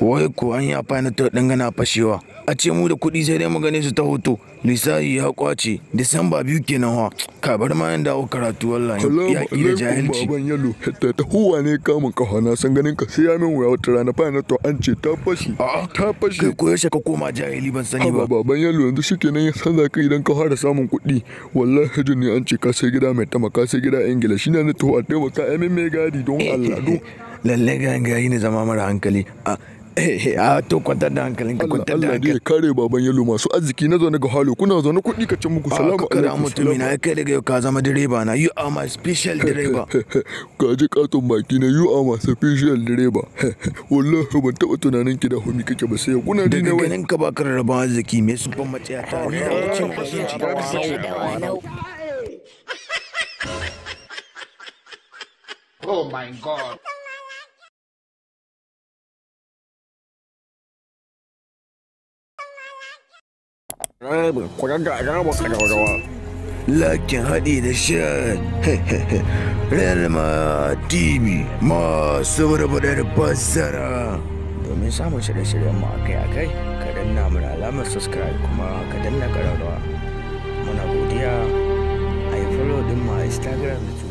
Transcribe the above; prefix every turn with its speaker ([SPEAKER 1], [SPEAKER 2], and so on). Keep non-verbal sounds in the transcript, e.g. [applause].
[SPEAKER 1] wai ko an yi fa na dangana fashewa a ce mu da kuɗi sai dai mu gane su ta hoto lissafi ya kwace disamba biyu kenan wa ka bar ma yan dawo karatu wallahi ya ki da jahilci
[SPEAKER 2] baban yalo hatta ta huwa ne kama kafa na san ganin ka sai ya min wuya wata rana fa na to an ce ta fashi ta fashe. kai koyaushe ka koma jahili ban sani ba baban yalo yanzu shi shikenan ya san zaka idan ka fara samun kuɗi wallahi hajin ne an ce ka sai gida mai tama ka sai gida ingila ne na to a taimaka min mai gadi don eh, eh, Allah don eh. lallai ga ne zama mara hankali a Eh, a [laughs] ah, to kwantar da hankalin ka kwantar da hankalin kare baban yalo masu arziki na zaune ga halo kuna zaune kuɗi ka ci muku ah, salamu alaikum kana mutumi na kai daga yau ka zama direba na you are my special [laughs] driver ka ji katon baki na you are my special driver [laughs] wallahi ban taɓa tunanin ki da homi kake ba sai kuna da ne wani ka bakar ka arziki me sun ban
[SPEAKER 1] matsaya ta ne a cikin kasance
[SPEAKER 2] Oh my god.
[SPEAKER 1] Lakin haɗi da shan Real TV masu barbarar basara. Domin samun shirye-shiryen mu akai-akai, ka danna mana alamar subscribe kuma ka danna ƙararrawa. Muna godiya a yi follow a Instagram da